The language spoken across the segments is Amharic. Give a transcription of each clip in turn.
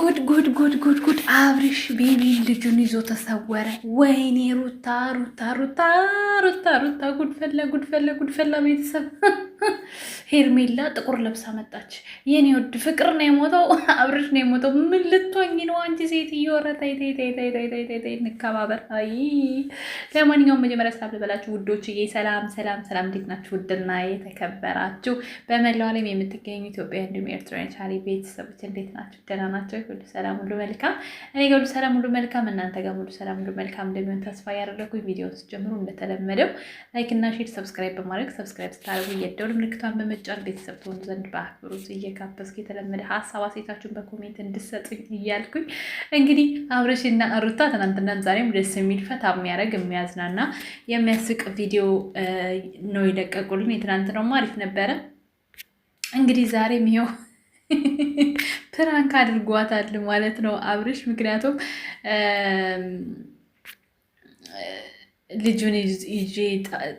ጉድ ጉድ ጉድ ጉድ ጉድ! አብርሽ ቤቢን ልጁን ይዞ ተሰወረ። ወይኔ ሩታ ሩታ ሩታ ሩታ ሩታ! ጉድፈላ ጉድፈላ ጉድፈላ ቤተሰብ ሄርሜላ ጥቁር ለብሳ መጣች። የኔ ወድ ፍቅር ነው የሞተው፣ አብርሽ ነው የሞተው። ምን ልትሆኝ ነው አንቺ ሴትዮ? ኧረ ተይ ተይ ተይ ተይ ተይ፣ እንከባበር። አይ ለማንኛውም መጀመሪያ ሰላም ልበላችሁ ውዶችዬ። ሰላም ሰላም ሰላም፣ እንዴት ናችሁ? ውድና የተከበራችሁ በመላው ዓለም የምትገኙ ኢትዮጵያ እንዲሁም ኤርትራውያን ቻሪ ቤተሰቦች እንዴት ናችሁ? ደህና ናቸው? ሁሉ ሰላም ሁሉ መልካም? እኔ ጋር ሁሉ ሰላም ሁሉ መልካም፣ እናንተ ጋር ሁሉ ሰላም ሁሉ መልካም እንደሚሆን ተስፋ ያደረኩኝ። ቪዲዮ ስጀምሩ እንደተለመደው ላይክ እና ሼር፣ ሰብስክራይብ በማድረግ ሰብስክራይብ ስታደርጉ የደውል ምልክቷን በመ ምርጫን ቤተሰብ ትሆኑ ዘንድ በአክብሮት እየጋበዝኩ የተለመደ ሀሳብ አሴታችሁን በኮሜንት እንድሰጡኝ እያልኩኝ እንግዲህ አብረሽና ሩታ ትናንትናም ዛሬም ደስ የሚል ፈታ የሚያደርግ የሚያዝናና የሚያስቅ ቪዲዮ ነው የለቀቁልን። የትናንት ነው አሪፍ ነበረ። እንግዲህ ዛሬም ይኸው ፕራንክ አድርጓታል ማለት ነው አብረሽ ምክንያቱም ልጁን ይዤ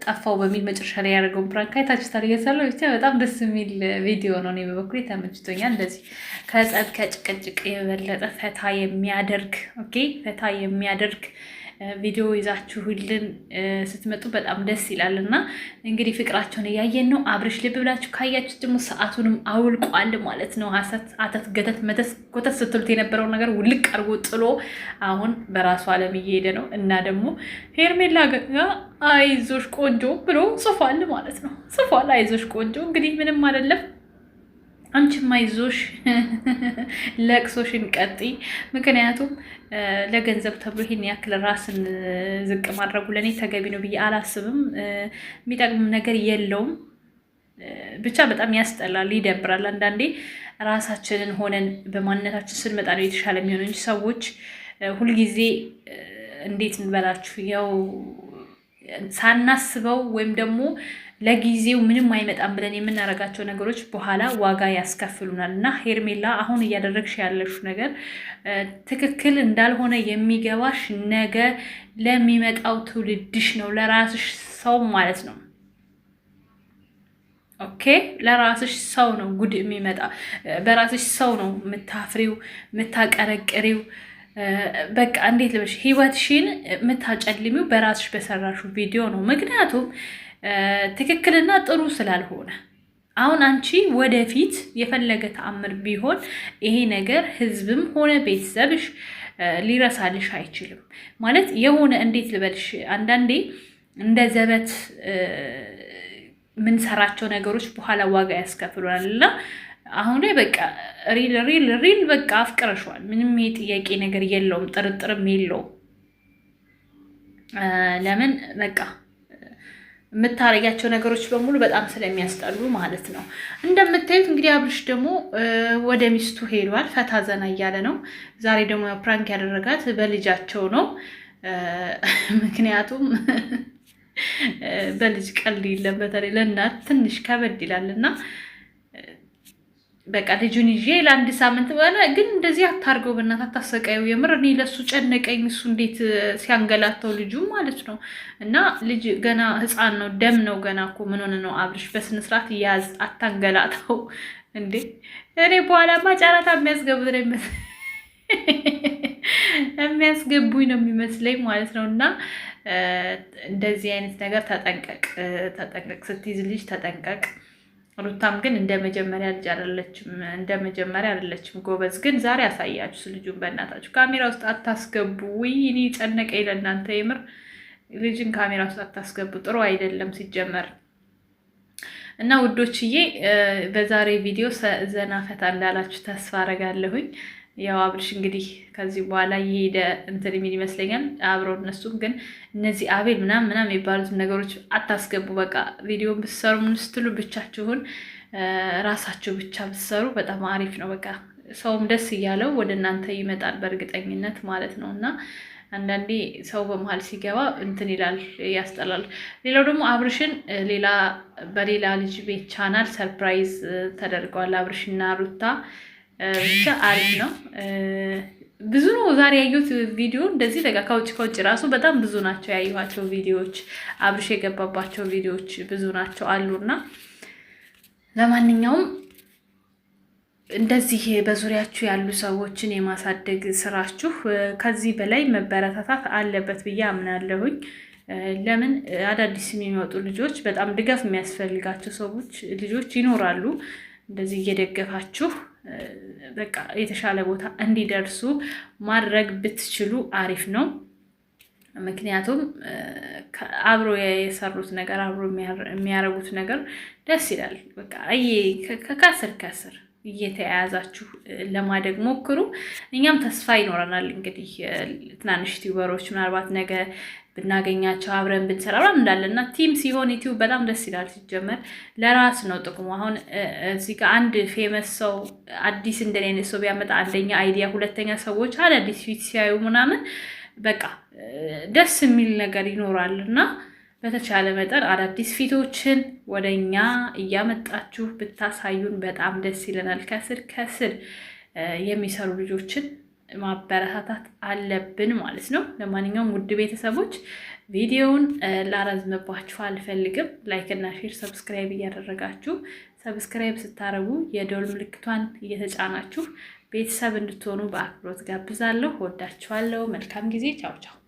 ጠፋው በሚል መጨረሻ ላይ ያደረገውን ፕራንክ አይታችሁ ታደርጋላችሁ። ብቻ በጣም ደስ የሚል ቪዲዮ ነው። እኔ በበኩሌ ተመችቶኛል። እንደዚህ ከጸብ ከጭቅጭቅ የበለጠ ፈታ የሚያደርግ ኦኬ፣ ፈታ የሚያደርግ ቪዲዮ ይዛችሁልን ስትመጡ በጣም ደስ ይላል እና እንግዲህ ፍቅራቸውን እያየን ነው። አብርሽ ልብ ብላችሁ ካያችሁ ደግሞ ሰዓቱንም አውልቋል ማለት ነው። አተት ገተት መተት ኮተት ስትሉት የነበረው ነገር ውልቅ አድርጎ ጥሎ አሁን በራሱ ዓለም እየሄደ ነው እና ደግሞ ሄርሜላ ጋ አይዞሽ ቆንጆ ብሎ ጽፏል ማለት ነው። ጽፏል አይዞሽ ቆንጆ እንግዲህ ምንም አይደለም። አንቺ ማይዞሽ ለቅሶሽን ቀጢ ምክንያቱም ለገንዘብ ተብሎ ይህን ያክል ራስን ዝቅ ማድረጉ ለእኔ ተገቢ ነው ብዬ አላስብም። የሚጠቅም ነገር የለውም። ብቻ በጣም ያስጠላል፣ ይደብራል። አንዳንዴ ራሳችንን ሆነን በማንነታችን ስንመጣ ነው የተሻለ የሚሆነው እንጂ ሰዎች ሁልጊዜ እንዴት እንበላችሁ ያው ሳናስበው ወይም ደግሞ ለጊዜው ምንም አይመጣም ብለን የምናደርጋቸው ነገሮች በኋላ ዋጋ ያስከፍሉናል እና ሄርሜላ አሁን እያደረግሽ ያለሽ ነገር ትክክል እንዳልሆነ የሚገባሽ ነገ ለሚመጣው ትውልድሽ ነው፣ ለራስሽ ሰው ማለት ነው። ኦኬ ለራስሽ ሰው ነው ጉድ የሚመጣ በራስሽ ሰው ነው የምታፍሪው የምታቀረቅሪው። በቃ እንዴት ልበሽ፣ ህይወትሽን የምታጨልሚው በራስሽ በሰራሹ ቪዲዮ ነው ምክንያቱም ትክክልና ጥሩ ስላልሆነ አሁን አንቺ ወደፊት የፈለገ ተአምር ቢሆን ይሄ ነገር ህዝብም ሆነ ቤተሰብሽ ሊረሳልሽ አይችልም። ማለት የሆነ እንዴት ልበልሽ፣ አንዳንዴ እንደ ዘበት የምንሰራቸው ነገሮች በኋላ ዋጋ ያስከፍሉናል እና አሁን ላይ በቃ ሪል ሪል ሪል በቃ አፍቅረሸዋል። ምንም የጥያቄ ነገር የለውም፣ ጥርጥርም የለውም። ለምን በቃ የምታረጊያቸው ነገሮች በሙሉ በጣም ስለሚያስጠሉ ማለት ነው። እንደምታዩት እንግዲህ አብርሽ ደግሞ ወደ ሚስቱ ሄዷል። ፈታ ዘና እያለ ነው። ዛሬ ደግሞ ፕራንክ ያደረጋት በልጃቸው ነው። ምክንያቱም በልጅ ቀልድ የለም፣ በተለይ ለእናት ትንሽ ከበድ ይላል እና በቃ ልጁን ይዤ ለአንድ ሳምንት በኋላ ግን እንደዚህ አታርገው፣ በእናትህ አታሰቃየው። የምር እኔ ለሱ ጨነቀኝ። እሱ እንዴት ሲያንገላተው ልጁ ማለት ነው። እና ልጅ ገና ህፃን ነው፣ ደም ነው ገና እኮ ምን ሆነ ነው? አብርሽ በስነስርዓት ያዝ፣ አታንገላተው እንዴ። እኔ በኋላማ ጨረታ የሚያስገቡት ነው የሚመስለኝ የሚያስገቡኝ ነው የሚመስለኝ ማለት ነው። እና እንደዚህ አይነት ነገር ተጠንቀቅ፣ ተጠንቀቅ ስትይዝ ልጅ ተጠንቀቅ። ሩታም ግን እንደ መጀመሪያ ልጅ አይደለችም፣ እንደ መጀመሪያ አይደለችም። ጎበዝ ግን ዛሬ አሳያችሁ ልጁን። በእናታችሁ ካሜራ ውስጥ አታስገቡ። ውይ እኔ ጨነቀኝ ለእናንተ የምር። ልጅን ካሜራ ውስጥ አታስገቡ፣ ጥሩ አይደለም ሲጀመር እና ውዶችዬ በዛሬ ቪዲዮ ዘና ፈታ እንዳላችሁ ተስፋ አረጋለሁኝ። ያው አብርሽ እንግዲህ ከዚህ በኋላ የሄደ እንትን የሚል ይመስለኛል። አብረው እነሱም ግን እነዚህ አቤል ምናም ምናም የሚባሉት ነገሮች አታስገቡ። በቃ ቪዲዮ ብትሰሩ ምን ስትሉ ብቻችሁን ራሳችሁ ብቻ ብትሰሩ በጣም አሪፍ ነው። በቃ ሰውም ደስ እያለው ወደ እናንተ ይመጣል በእርግጠኝነት ማለት ነው እና አንዳንዴ ሰው በመሀል ሲገባ እንትን ይላል፣ ያስጠላል። ሌላው ደግሞ አብርሽን ሌላ በሌላ ልጅ ቤት ቻናል ሰርፕራይዝ ተደርገዋል አብርሽና ሩታ ብቻ አሪፍ ነው። ብዙ ነው ዛሬ ያየሁት ቪዲዮ እንደዚህ በቃ ከውጭ ከውጭ ራሱ በጣም ብዙ ናቸው ያየኋቸው ቪዲዮዎች፣ አብርሽ የገባባቸው ቪዲዮዎች ብዙ ናቸው አሉና ለማንኛውም እንደዚህ በዙሪያችሁ ያሉ ሰዎችን የማሳደግ ስራችሁ ከዚህ በላይ መበረታታት አለበት ብዬ አምናለሁኝ። ለምን አዳዲስ የሚመጡ ልጆች በጣም ድጋፍ የሚያስፈልጋቸው ሰዎች ልጆች ይኖራሉ። እንደዚህ እየደገፋችሁ በቃ የተሻለ ቦታ እንዲደርሱ ማድረግ ብትችሉ አሪፍ ነው። ምክንያቱም አብሮ የሰሩት ነገር አብሮ የሚያረጉት ነገር ደስ ይላል። በቃ ከስር ከስር እየተያያዛችሁ ለማደግ ሞክሩ። እኛም ተስፋ ይኖረናል። እንግዲህ ትናንሽ ዩቲዩበሮች ምናልባት ነገ ብናገኛቸው አብረን ብንሰራ እንዳለ እና ቲም ሲሆን ዩቲዩብ በጣም ደስ ይላል። ሲጀመር ለራስ ነው ጥቅሙ። አሁን እዚህ ጋር አንድ ፌመስ ሰው አዲስ እንደኔ አይነት ሰው ቢያመጣ አንደኛ አይዲያ፣ ሁለተኛ ሰዎች አዳዲስ ፊት ሲያዩ ምናምን በቃ ደስ የሚል ነገር ይኖራል እና በተቻለ መጠን አዳዲስ ፊቶችን ወደ እኛ እያመጣችሁ ብታሳዩን በጣም ደስ ይለናል። ከስር ከስር የሚሰሩ ልጆችን ማበረታታት አለብን ማለት ነው። ለማንኛውም ውድ ቤተሰቦች ቪዲዮውን ላረዝምባችሁ አልፈልግም። ላይክ እና ሼር፣ ሰብስክራይብ እያደረጋችሁ ሰብስክራይብ ስታደርጉ የደወል ምልክቷን እየተጫናችሁ ቤተሰብ እንድትሆኑ በአክብሮት ጋብዛለሁ። ወዳችኋለሁ። መልካም ጊዜ። ቻው ቻው።